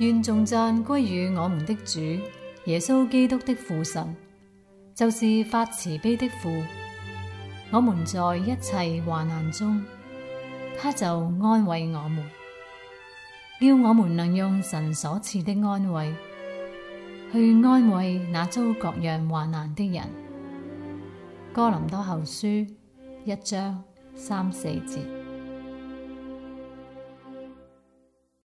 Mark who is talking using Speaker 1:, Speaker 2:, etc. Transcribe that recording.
Speaker 1: 願頌讚歸於我們的主耶穌基督的父神，就是發慈悲的父。我們在一切患難中，他就安慰我們，叫我們能用神所賜的安慰，去安慰那遭各樣患難的人。哥林多後書一章三四節。